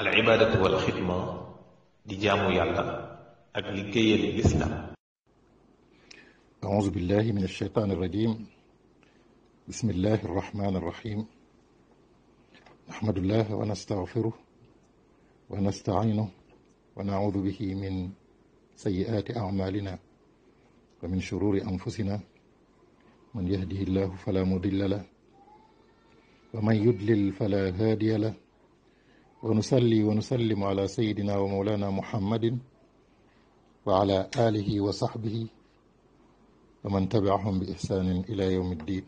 al ibaadatu wal xidma di jaamu yàlla ak liggéeyal lislaam أعوذ بالله من الشيطان الرجيم بسم الله الرحمن الرحيم نحمد الله ونستغفره ونستعينه ونعوذ به من سيئات أعمالنا ومن شرور أنفسنا من يهده الله فلا مضل له ومن يضلل فلا هادي له ونصلي ونسلم على سيدنا ومولانا محمد وعلى آله وصحبه ومن تبعهم بإحسان إلى يوم الدين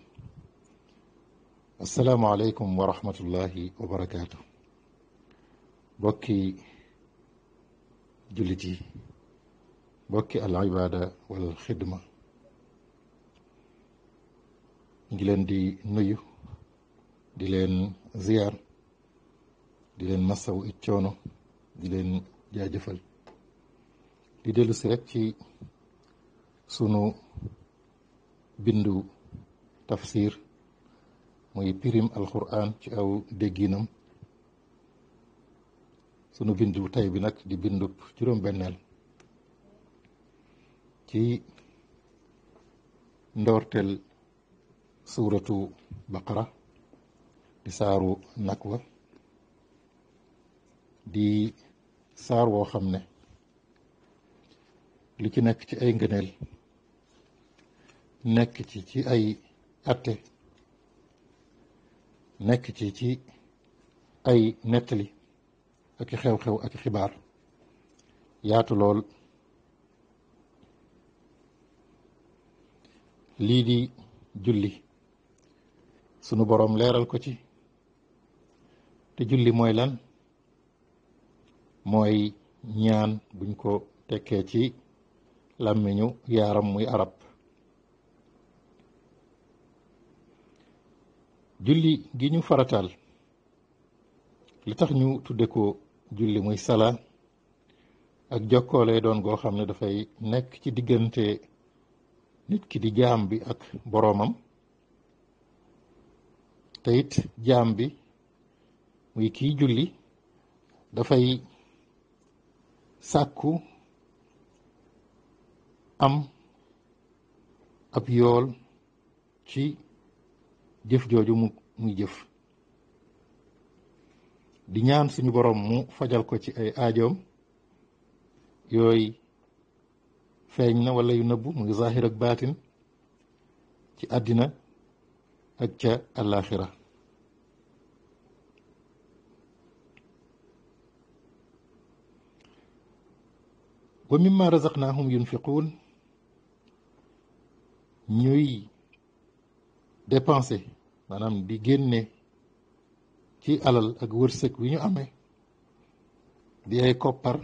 السلام عليكم ورحمة الله وبركاته بكي جلتي بكي العبادة والخدمة نجلن دي نيو دي لين زيار di leen masawu it coono di leen jaajëfal di dellu si ci sunu bindu tafsir muy pirim alquran ci aw dégginam sunu bindu tay bi nag di bindu juróom-benneel ci ndoortel suuratu baqara di saaru nakwa di saar woo xam ne li ci nekk ci ay ngëneel nekk ci ci ay atte nekk ci ci ay nettali ak xew-xew ak xibaar yaatu lool lii di julli sunu boroom leeral ko ci te julli mooy lan mooy ñaan buñ ko tekkee ci làmmiñu yaaram muy arab julli gi ñu farataal li tax ñu tudde ko julli muy sala ak jokkoo doon goo xam ne dafay nekk ci diggante nit ki di jaam bi ak boroomam te it jaam bi muy kii julli dafay sàkku am ab yool ci jëf jooju mu muy jëf di ñaan suñu boroom mu fajal ko ci ay aajoom yooyu feeñ na wala yu nëbbu muy zahir ak baatin ci àddina ak ca àllaaxira wa mimma razaqnaahum yunfiquun ñuy dépenser manam di génne ci alal ak wërsëg wi ñu amee di ay koppar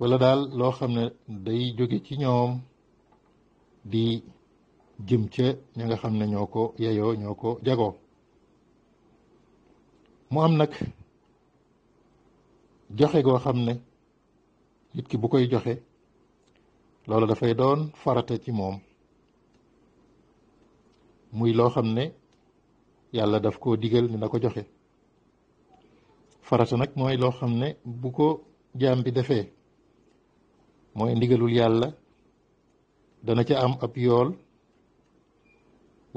wala daal loo xam ne day jóge ci ñoom di jëm ca ña nga xam ne ñoo ko yeyoo ñoo ko jagoo mu am nag joxe goo xam ne nit ki bu koy joxe loolu dafay doon farata ci moom muy loo xam ne yàlla daf koo digal ni na ko joxe farata nag mooy loo xam ne bu ko jaam bi defee mooy ndigalul yàlla dana ci am ab yool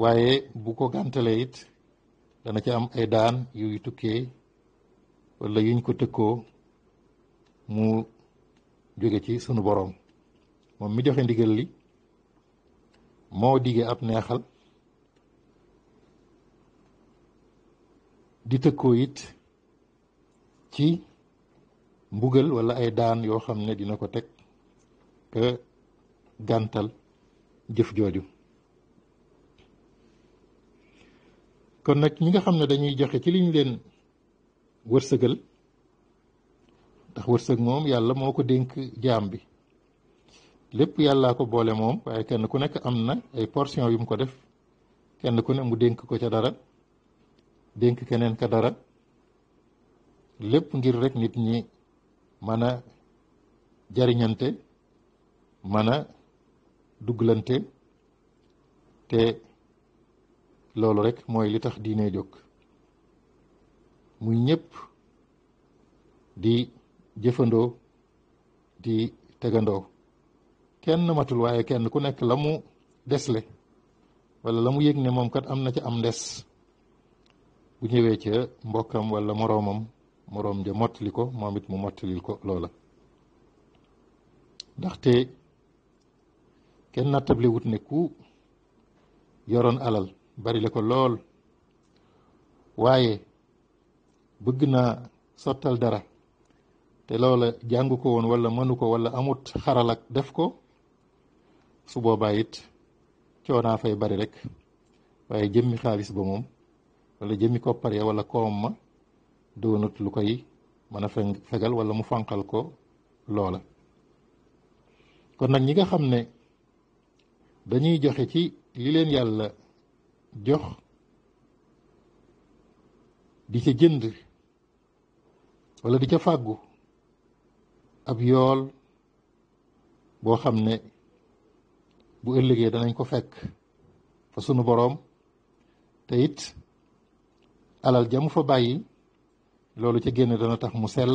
waaye bu ko gàntalee it dana ci am ay daan yu tukkee wala yuñ ko tëkkoo mu jóge ci sunu boroom moom mi joxe ndigal li moo dige ab neexal di tëkkoo it ci mbugal walla ay daan yoo xam ne dina ko teg ka jëf jooju kon nag ñi nga xam ne dañuy joxe ci liñ leen wërsëgal ndax wërsëg moom yàlla moo ko dénk jaam bi lépp yàllaa ko boole moom waaye kenn ku nekk am na ay portion yu mu ko def kenn ku ne mu dénk ko ca dara dénk keneen ka dara lépp ngir rek nit ñi mën a jariñante mën a dugglante te loolu rek mooy li tax diine jóg mu ñépp di jëfandoo di tegandoo kenn matul waaye kenn ku nekk la mu desle wala la mu yëg moom kat am na ca am ndes bu ñëwee ca mbokkam wala moroomam moroom ja mottali ko moom it mu mottalil ko loola ndaxte kenn nattable wut ne ku yoroon alal bari la ko lool waaye bëgg naa sottal dara te loola jàngu ko woon wala mënu ko wala amut xaralak def ko su boobaa it coonaa fay bari rek waaye jëmmi xaalis ba moom walla jëmmi koppar ya wala koom ma doonut lu koy mën a fegal walla mu fanqal ko loola kon nag ñi nga xam ne dañuy joxe ci li leen yàlla jox di ca jënd wala di ca fàggu ab yool boo xam ne bu ëllëgee danañ ko fekk fa sunu boroom te alal jamu fa bàyyi loolu ci génn dana tax mu sell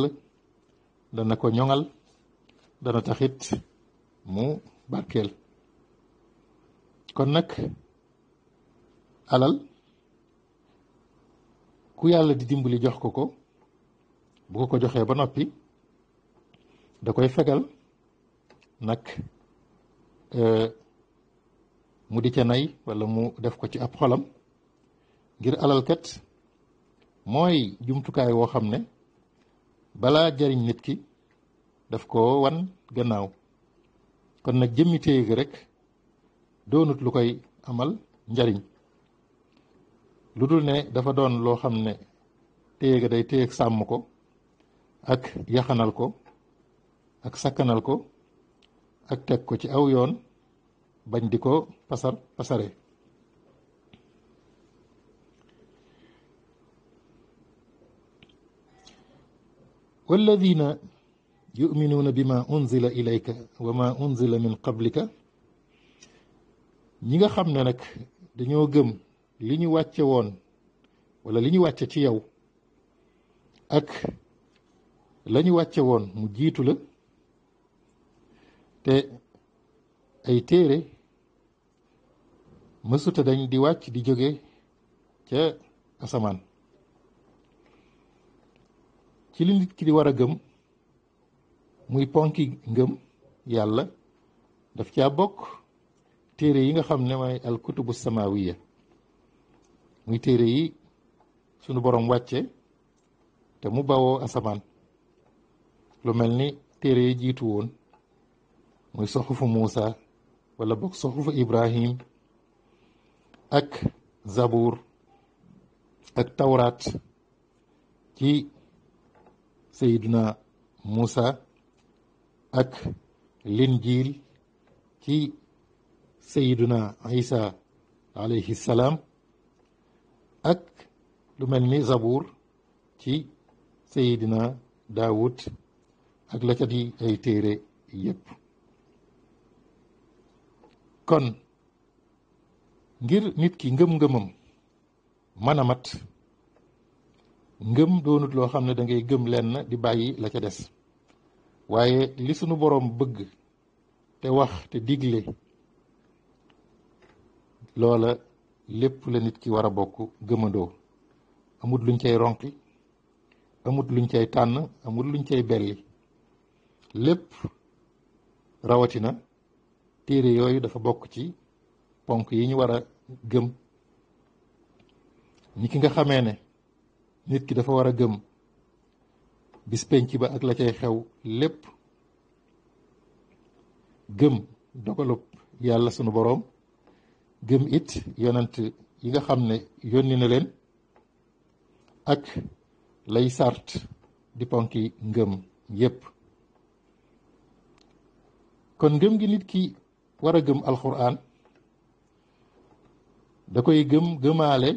dana ko ñoŋal dana taxit mu barkeel kon nag alal ku yàlla di dimbali jox ko ko bu ko joxee ba noppi da koy fegal nag euh, mu di ca nay wala mu def ko ci ab xolam ngir alalkat mooy jumtukaay woo xam ne balaa jariñ nit ki def ko wan gannaaw kon nag jëmmi téye gi rek doonut lu koy amal njariñ lu dul ne dafa doon loo xam ne téye ga day téye sàmm ko ak yaxanal ko ak sàkkanal ko ak teg ko ci aw yoon bañ di ko pasar pasare walladina yuminuuna bi ma unzila ilayka wa ma unzila min qablika ñi nga xam ne nag dañoo gëm li ñu wàcce woon wala li ñu wàcce ci yow ak la ñu wàcce woon mu jiitu la te ay téere mësuta dañ di wàcc di jóge ca asamaan ci li ki di war a gëm muy ponki gëm yàlla daf ca bokk téere yi nga xam ne mooy alkutubu samawiya muy téere yi sunu borom wàcce te mu bawoo asamaan lu mel ni téere yi jiitu woon muy soxufu Moussa wala boog soxufu Ibrahim ak Zabour ak Tawraat ci seyduna muusa ak Linjiil ci Seydina Isa alayhi salaam ak lu mel ni Zabour ci Seydina Daawud ak la ca di ay téere yépp kon ngir nit ki ngëm-ngëmam mën a mat ngëm doonut loo xam ne dangay gëm lenn di bàyyi la ca des waaye li sunu boroom bëgg te wax te digle loola lépp la nit ki war a bokk gëmandoo amut luñ cay ronki amut luñ cay tànn amut luñ cay belli lépp rawatina téere yooyu dafa bokk ci ponk yi ñu war a gëm ñi ki nga xamee ne nit ki dafa war a gëm bis penc ba ak la cay xew lépp gëm dogalub yàlla sunu boroom gëm it yonent yi nga xam ne yónni na leen ak lay sart di ponki ngëm yépp kon ngëm gi nit ki war a gëm alxuraan da koy gëm gëmaale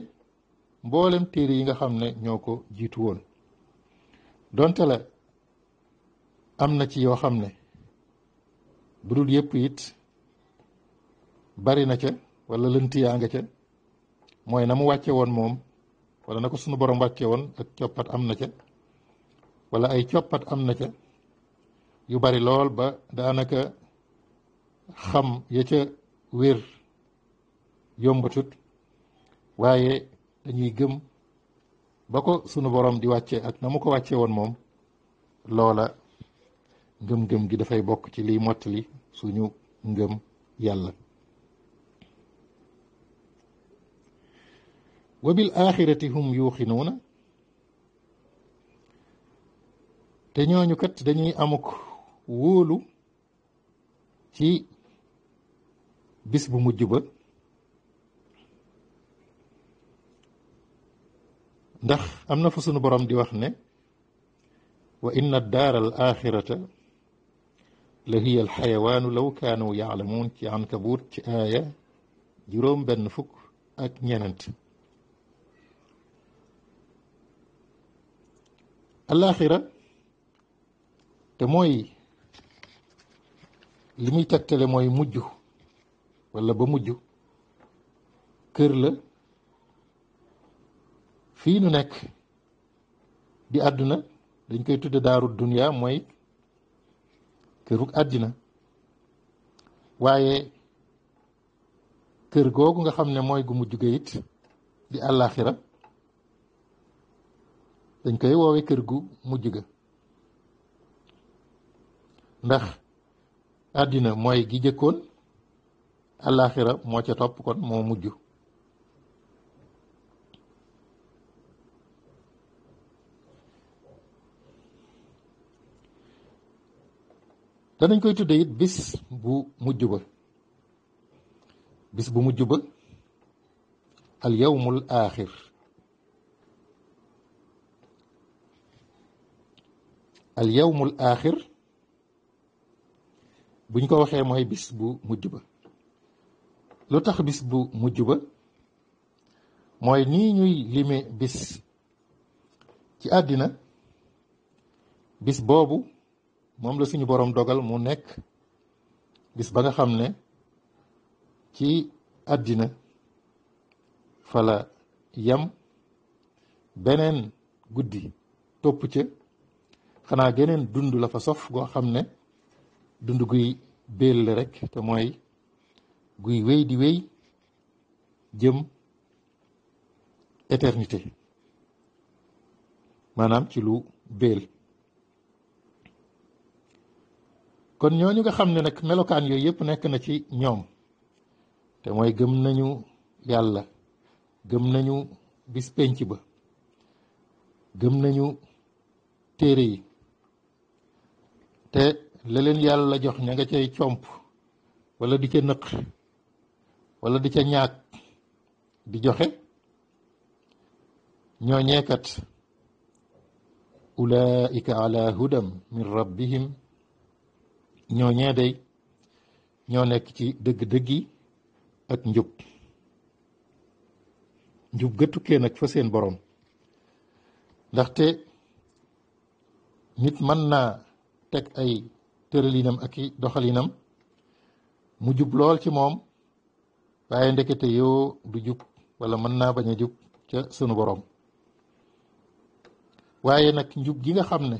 mboolem téere yi nga xam ne ñoo ko jiitu woon donte la am na ci yoo xam ne budul yëpp yit bari na ca wala lënt yaa nga ca mooy na mu wàcce woon moom wala na ko sunu borom wàcce woon ak coppat am na ca wala ay coppat am na ca yu bari lool ba daanaka xam ya ca wér yombatut waaye dañuy gëm ba ko sunu borom di wàcce ak na mu ko wàcce woon moom loola ngëm-ngëm gi dafay bokk ci liy mottali suñu ngëm yàlla wa bil axirati hum yuuxinuuna te ñooñu kat dañuy amuk wóolu ci bis bu mujj ba ndax am na fu sunu borom di wax ne wa inna daara al axirata la hiya al xayawaanu law kaanu yaalamuun ci ankabuut ci aaya juróom benn fukk ak ñenent alaxira te mooy li muy tegtale mooy mujj walla ba mujj kër la fii nu nekk di àdduna dañ koy tudde daaru duniya mooy këruk àddina waaye kër googu nga xam ne mooy gu mujj ga it di àllaaxira dañ koy woowe kër gu mujj ga ndax àddina mooy gi jëkkoon àllaaxira moo ca topp kon moo mujj danañ koy tudde it bis bu mujj ba bis bu mujj ba al yawmul aaxir al yawmul aaxir buñ ko waxee mooy bis bu mujj ba lu tax bis bu mujj ba mooy nii ñuy lime bis ci àddina bis boobu moom la suñu boroom dogal mu nekk bis ba nga xam ne ci àddina fa la yam beneen guddi topp ca xanaa geneen dund la fa sof goo xam ne dund guy béel rekk rek te mooy guy wéy di wéy jëm éternité maanaam ci lu béel kon ñoo ñu nga xam ne nag melokaan yooyu yëpp nekk na ci ñoom te mooy gëm nañu yàlla gëm nañu bis pénc ba gëm nañu téere yi te la leen yàlla jox ña nga cay comp wala di ca nëq wala di ca ñaag di joxe ñooñee kat ulaika ala hudam min rabbihim ñooñee day ñoo nekk ci dëgg-dëggi ak njub njub ga tukkee nag fa seen borom ndaxte nit mën naa teg ay tëralinam ak i doxalinam mu jub lool ci moom waaye ndekete yoo du jub wala mën naa bañ a jub ca sunu borom waaye nag njub gi nga xam ne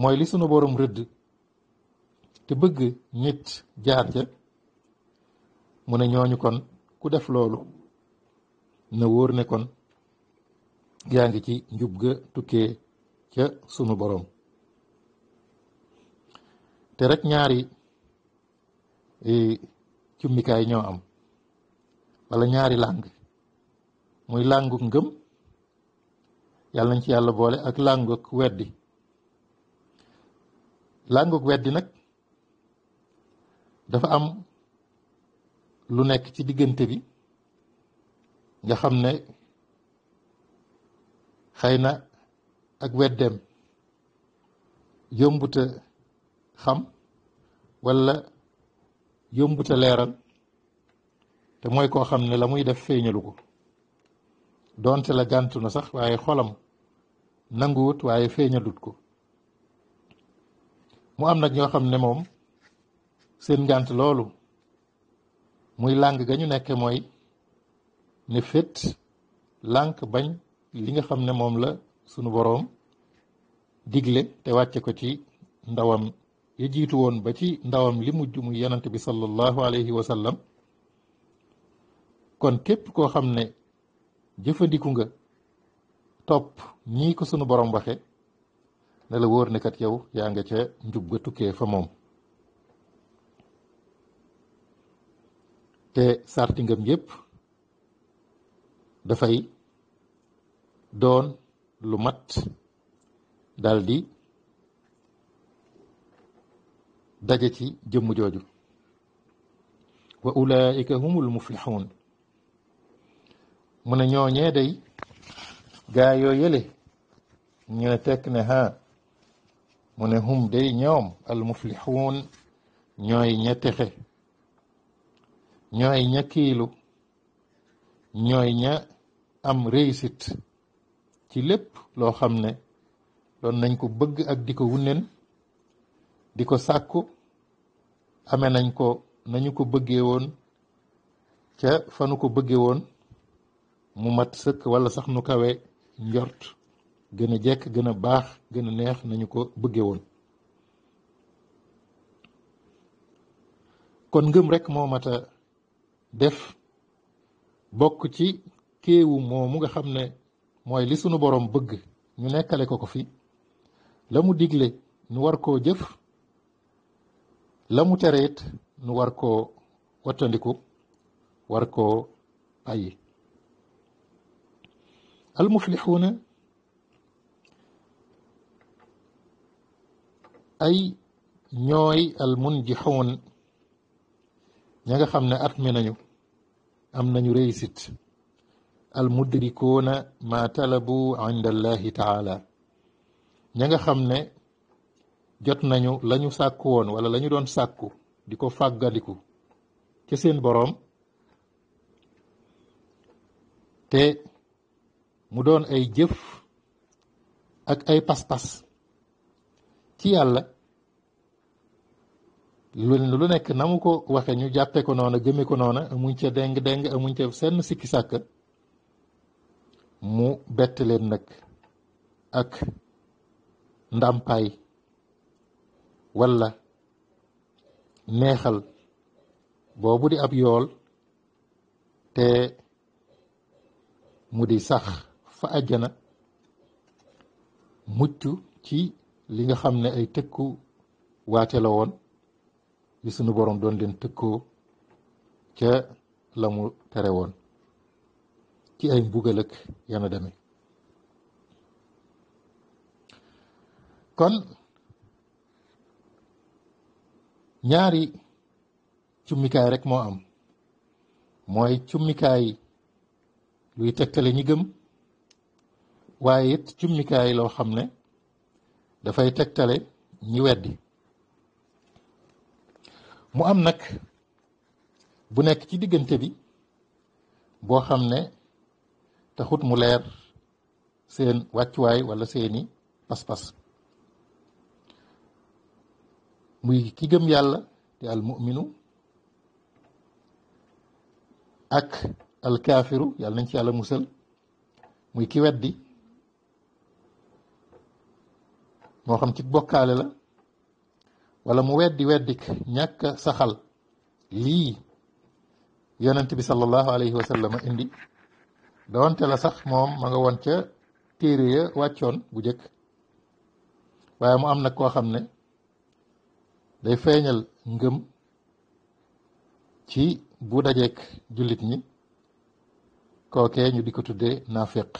mooy li sunu borom rëdd te bëgg nit jaar ca mu ne ñooñu kon ku def loolu na wóor ne kon yaa ngi ci njub ga tukkee ca sunu boroom te rek ñaari eh, cummikaay ñoo am walla ñaari làng muy làngu ngëm yàlla nañ ci yàlla boole ak lànguk weddi lànguk weddi nag dafa am lu nekk ci diggante bi nga xam ne xëy na ak weddeem yombuta xam wala yombute leeral te mooy koo xam ne la muy def feeñalu ko doonte la gàntu na sax waaye xolam nanguwut waaye feeñalut ko mu am nag ñoo xam ne moom seen ngànt loolu muy làng ga ñu nekke mooy ne fét lànk bañ li nga xam ne moom la sunu boroom digle te wàcce ko ci ndawam yi jiitu woon ba ci ndawam li mujj muy yonante bi sallallahu alayhi wa sallam kon képp koo xam ne jëfandiku nga topp ñii ko sunu borom waxe ne la wóor ne yow yaa nga ca njub ga tukkee fa moom te sarti ngam yépp dafay doon lu mat daldi daje ci jëmm jooju wa ulaika humul muflixuun mu ne ñooñee day gaa yoo yële ñu ne tekk ne ha mu ne hum day ñoom al muflixuun ñooy ña texe ñooy kiilu ñooy ña am réussite ci lépp loo xam ne doon nañ ko bëgg ak di ko wunneen di ko sàkku ame nañ ko nañu ko bëggee woon ca fanu ko bëggee woon mu mat sëkk wala sax nu kawe njort gën a jekk gën a baax gën a neex nañu ko bëggee woon kon ngëm rekk moo mat a def bokk ci kéewu moomu nga xam ne mooy li sunu borom bëgg ñu nekkale ko ko fi la mu digle ñu war koo jëf la mu nu war koo wattandiku war koo bàyyi almuflixuuna ay ñooy almunjixuun ña nga xam ne at mi nañu am nañu réussite almudrikuuna ma talabu inda taala ña xam ne jot nañu lañu ñu sàkku woon wala la ñu doon sàkku di ko fàggaliku ca seen boroom te mu doon ay jëf ak ay pas-pas ci yàlla lu nekk na mu ko waxe ñu jàppe ko noona gëme ko noona amuñ ca deng-deng amuñ ca senn sikki sàkk mu bett leen nag ak ndàmpaay walla neexal boobu di ab yool te mu di sax fa àjjana mucc ci li nga xam ne ay tëkku waate la woon yu sunu boroom doon leen tëkkoo ca lamu tere woon ci ay mbugal ak yana deme kon ñaari cummikaay rek moo am mooy cummikaay luy tegtale ñi gëm waaye it cummikaay loo xam ne dafay tegtale ñi weddi mu am nag bu nekk ci diggante bi boo xam ne taxut mu leer seen wàccuwaay walla seeni pas-pas muy ki gëm yàlla te al mu'minu ak al yàlla nañ ci yàlla musal muy ki weddi moo xam ci bokkaale la wala mu weddi weddik ñàkk saxal lii yonent bi sallallahu alayhi wa sallam indi doonte la sax moom ma nga woon ca téere ya wàccoon bu jëkk waaye mu am na koo xam ne day feeñal ngëm ci bu dajeek jullit ñi kookee ñu di ko tuddee naaféq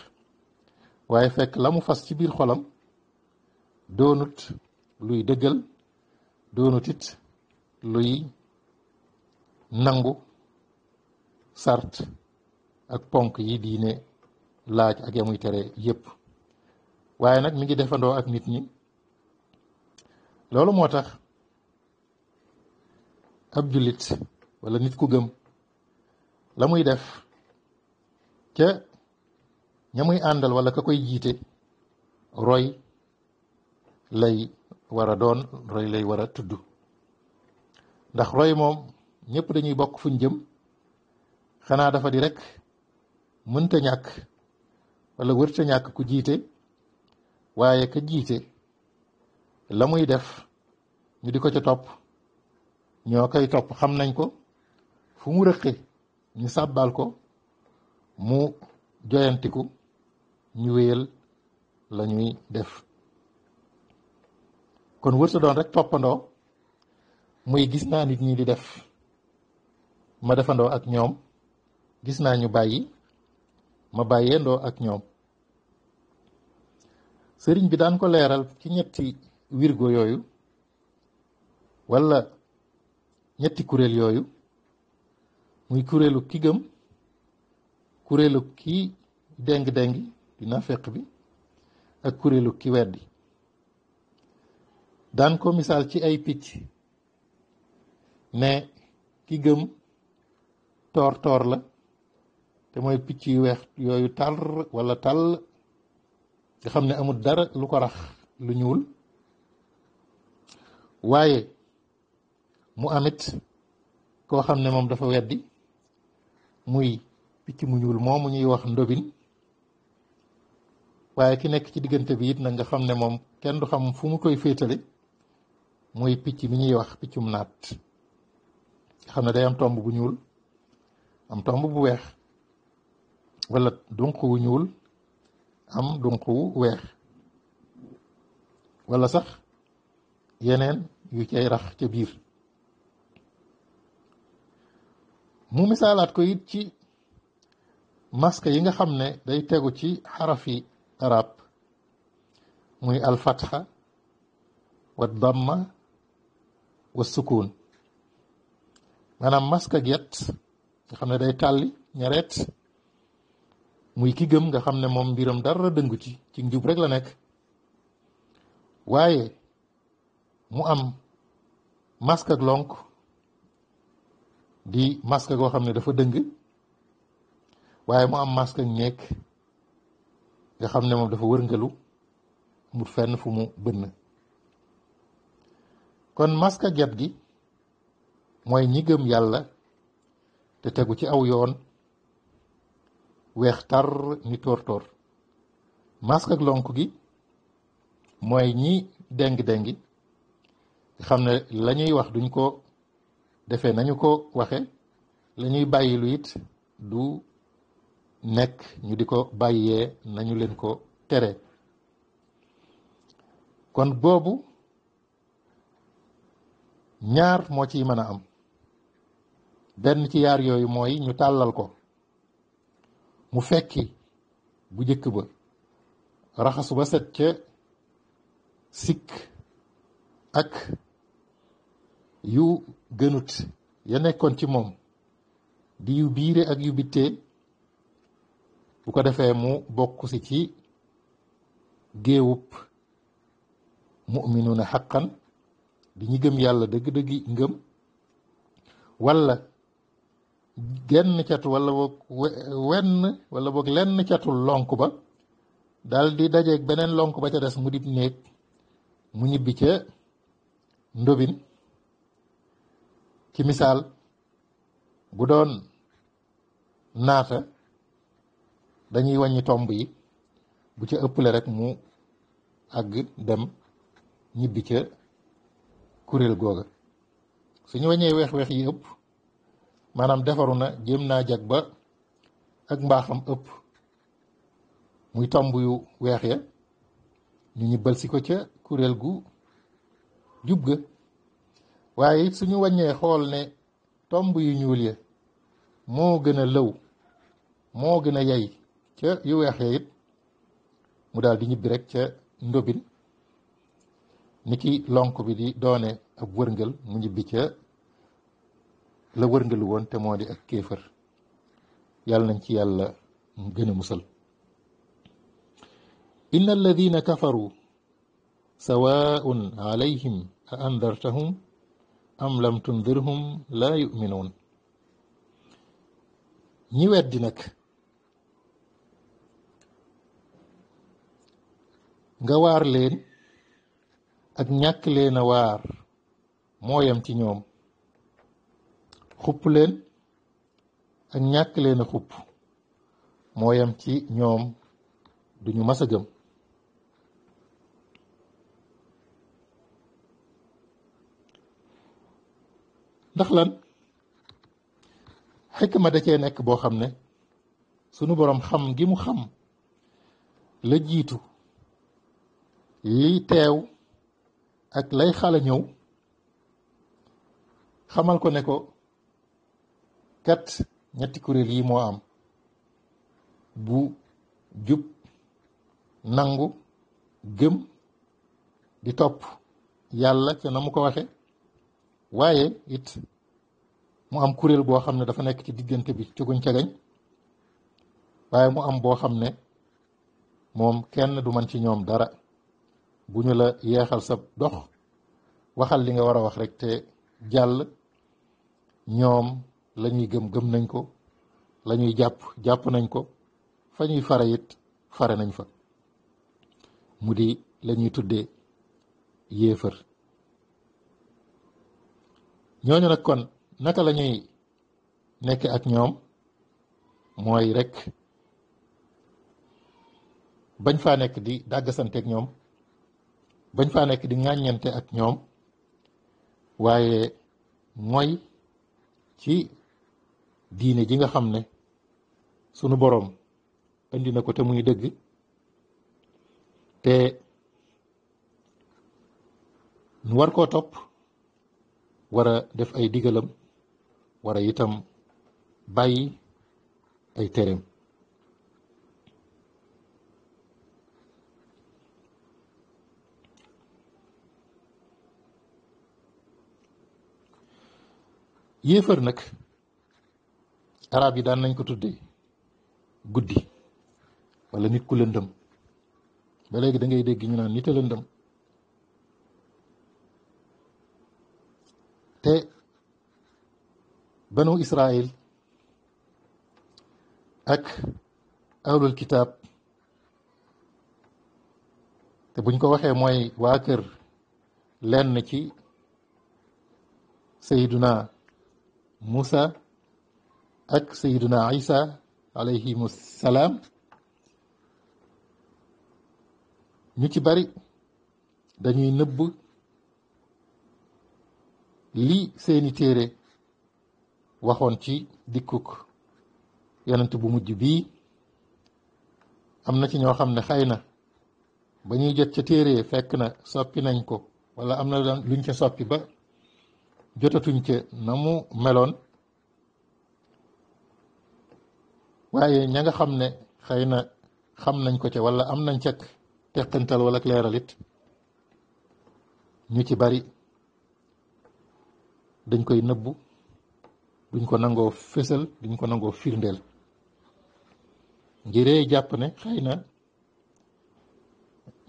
waaye fekk la mu fas ci biir xolam doonut luy dëggël doonutit luy nangu sart ak ponk yi diine laaj ak yamuy tere yépp waaye nag mi ngi defandoo ak nit ñi loolu moo tax ab jullit wala nit ku gëm la muy def ca ña muy àndal wala ka koy jiite roy lay war a doon roy lay war a tudd ndax roy moom ñëpp dañuy bokk fuñ jëm xanaa dafa di rek mënta ñàkk wala wërta ñàkk ku jiite waaye ka jiite la muy def ñu di ko ca topp ñoo koy topp xam nañ ko fu mu rëqi ñu sàbbal ko mu joyantiku ñu wéyal la ñuy def kon wërsa doon rek toppandoo muy gis naa nit ñi di def ma defandoo ak ñoom gis naa ñu bàyyi ma bàyyeendoo ak ñoom sëriñ bi daan ko leeral ci ñetti wirgo yooyu walla ñetti kuréel yooyu muy kuréelu ki gëm kuréelu kii déng-déngi dina feq bi ak kuréelu ki weddi daan ko misaal ci ay picc ne ki gëm toor toor la te mooy picc yu weex yooyu tàll wala tàll nga xam ne amul dara lu ko rax lu ñuul waaye mu amit koo xam ne moom dafa weddi muy picc mu ñuul moomu ñuy wax ndobin waaye ki nekk ci diggante bi it nag nga xam ne moom kenn du xam fu mu koy féetale muy picc mi ñuy wax piccum naat nga xam ne day am tomb bu ñuul am tomb bu weex wala dunq wu ñuul am dunq wu weex wala sax yeneen yu cay rax ca biir mu misaalaat ko ci maska yi nga xam ne day tegu ci xarafi arab muy alfatxa wa damma wa sukuun maanaam maska get nga xam ne day tàlli ñareet muy ki gëm nga xam ne moom mbiram dara dëngu ci ci njub rek la nekk waaye mu am mask lonk di masque goo xam ne dafa dëng waaye mu am masque ñeek nga xam ne moom dafa wërngalu mu fenn fu mu bënn kon masque get gi mooy ñi gëm yàlla te tegu ci aw yoon weex tar ni tóor tóor masque lonk gi mooy ñi déng déngi xam ne lañuy wax duñ ko defe nañu ko waxe lañuy ñuy bàyyi lu it du nekk ñu di ko bàyyee nañu leen ko tere kon boobu ñaar moo ciy mën a am benn ci yaar yooyu mooy ñu tàllal ko mu fekki bu jëkk ba raxasu ba set ca sikk ak yu gënut ya nekkoon ci moom di yu biire ak yu bittee bu ko defee mu bokk si ci géewub muminuuna xaqan di ñi gëm yàlla dëgg-dëggi ngëm wala genn catu wala boog wenn wala boog lenn catul lonk ba daal di dajeeg beneen lonk ba ca des mu dib néeg mu ñibbi ca ndobin ci missaal bu doon naata dañuy waññi tomb yi bu ca ëppale rekk mu àgg dem ñibbi ca kuréel googa suñu wàññee weex-weex yi ëpp maanaam defaru na jéem naa jag ba ak mbaaxam ëpp muy tomb yu weex ya ñu ñibbal ko ca kuréel gu jub ga waaye it suñu waññee xool ne tomb yu ñuul ya moo gën a lëw moo gën a yay ca yu weex ya it mu daal di ñibbi rek ca ndobin ni ci lonk bi di doone ab wërngël mu ñibbi ca la wërngëlu woon te moo di ak kéefër yàlla nañ ci yàlla gën a musal inna alladina kafaru sawaun alayhim a andartahum am lam tundirhum laa yuminuun ñi weddi nag nga waar leen ak ñàkk leen a waar mooyam ci ñoom xupp leen ak ñàkk leen a xupp mooyam ci ñoom duñu mas a gëm ndax lan xikma da cee nekk boo xam ne sunu boroom xam gi mu xam la jiitu liy teew ak lay xala ñëw xamal ko ne ko kat ñetti kuréel yi moo am bu jub nangu gëm di topp yàlla ca na mu ko waxe waaye it mu am kuréel boo xam ne dafa nekk ci diggante bi cuguñ cagañ waaye mu am boo xam ne moom kenn du man ci ñoom dara bu ñu la yeexal sa dox waxal li nga war a wax rek te jàll ñoom lañuy gëm gëm nañ ko lañuy jàpp jàpp nañ ko fa ñuy fare it fare nañ fa mu di lañuy tuddee yéefar ñooñu nag kon naka la ñuy nekk ak ñoom mooy rekk bañ fa nekk di dàggasante ak ñoom bañ faa nekk di ŋàññante ak ñoom waaye mooy ci diine ji nga xam ne sunu boroom indi ko te muy dëgg te ñu war koo topp wara def ay digalam wara itam bàyyi ay tereem yéefar nag arab yi daan nañ ko tuddee guddi wala nit ku lëndëm ba léegi da ngay dégg ñu naan nit a lëndëm banu israil ak ahlul kitaab te buñ ko waxee mooy waa kër lenn ci sayduna Musa ak sayduna Isa alayhim salaam ñu ci bari dañuy nëbb lii seeni téere waxoon ci dikkuk yonent bu mujj bii am na ci ñoo xam ne xëy na ba ñuy jot ca téere fekk na soppi nañ ko wala am na luñ ca soppi ba jotatuñ ca na mu meloon waaye ñaga xam ne xëy na xam nañ ko ca wala am nañ cak teqantal wala leeralit ñu ci bari dañ koy nëbbu duñ ko nangoo fésal duñ ko nangoo firndeel ngiree jàpp ne xëy na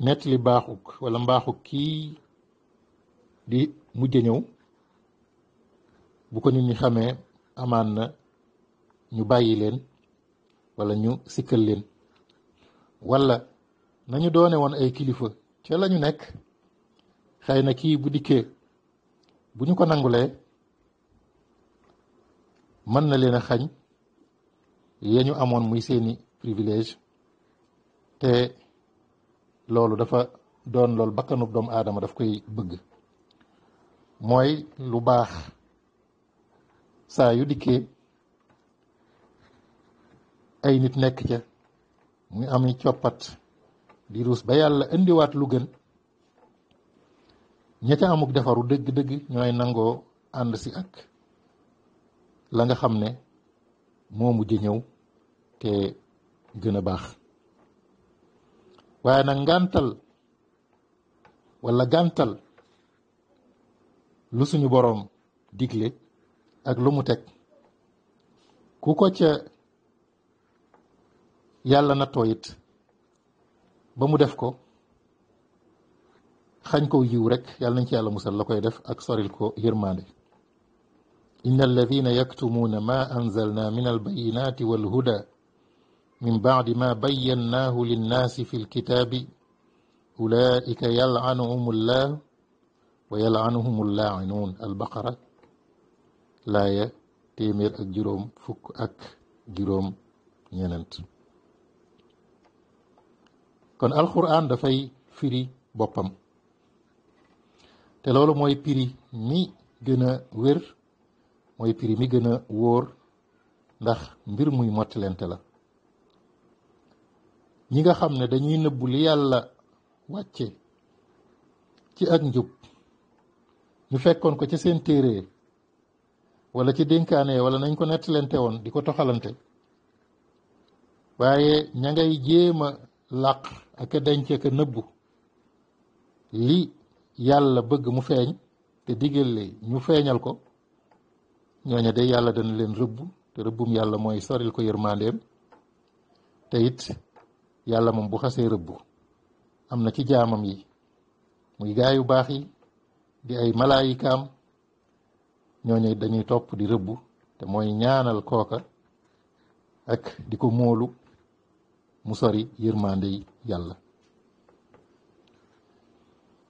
nettali baaxuk wala mbaaxuk kii di mujj ñëw bu ko nit ñu xamee amaan na ñu bàyyi leen wala ñu sikkal leen wala nañu doone woon ay kilifa ce lañu nekk xëy na kii bu dikkee bu ñu ko nangulee mën na leen a xañ ya ñu amoon muy seeni privilège te loolu dafa doon loolu bakkanub doomu aadama daf koy bëgg mooy lu baax saa yu dikkee ay nit nekk ca muy am coppat di ruus ba yàlla indiwaat lu gën ña ca amuk defaru dëgg-dëgg ñooy nangoo ànd si ak la nga xam ne moo mujj ñëw te gën a baax waaye nag ngàntal walla gàntal lu suñu boroom diglé ak lu mu teg ku ko ca yàlla na tooyit ba mu def ko xañ ko yiw rek yàlla nañ ci yàlla musal la koy def ak soril ko yërmande إن الذين يكتمون ما أنزلنا من البينات والهدى من بعد ما بيناه للناس في الكتاب أولئك يلعنهم الله ويلعنهم اللاعنون البقرة laaya téeméer ak juróom fukk ak juróom ñenent kon alxuraan dafay firi boppam te loolu mooy piri mi gën a wér mooy prix mi gën a wóor ndax mbir muy mottalente la ñi nga xam ne dañuy nëbbu li yàlla wàcce ci ak njub ñu fekkoon ko ci seen téere wala ci dénkaane wala nañ ko nettalente woon di ko toxalante waaye ña ngay jéem a làq ak a denc ak a nëbbu li yàlla bëgg mu feeñ te digal ñu feeñal ko ñooña day yàlla dana leen rëbb te rëbbum yàlla mooy soril ko yërmandeem te it yàlla moom bu xasee rëbb am na ci jaamam yi muy gaa yu baax yi di ay malaayikaam ñooñu dañuy topp di rëbb te mooy ñaanal kooka ak di ko moolu mu sori yërmande yi yàlla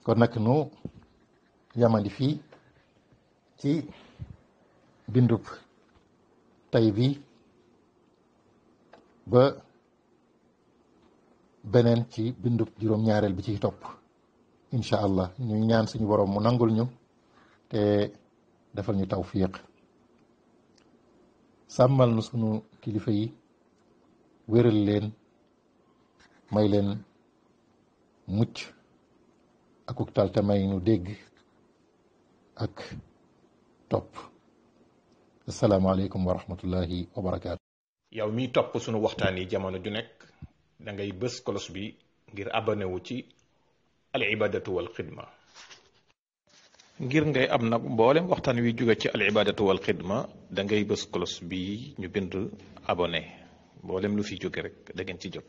kon nag nu yamandi fii ci bindub tey bi ba beneen ci bindub juróom-ñaareel bi ci topp incha allah ñu ñaan suñu boroom mu nangul ñu te defal ñu tawfiq sàmmal nu sunu kilifa yi wéral leen may leen mucc akuk tal te may nu dégg ak top asalaamaaleykum wa rahmatullahi wa barakaatu. yow miy topp sunu waxtaan yi jamono ju nekk dangay bës kolos bi ngir abonné ci al ibadatu wal xidma. ngir ngay am na mboolem waxtaan wi jóge ci al ibadatu wal xidma da ngay bës kolos bi ñu bind abone mboolem lu fi jóge rek da ngeen ci jot.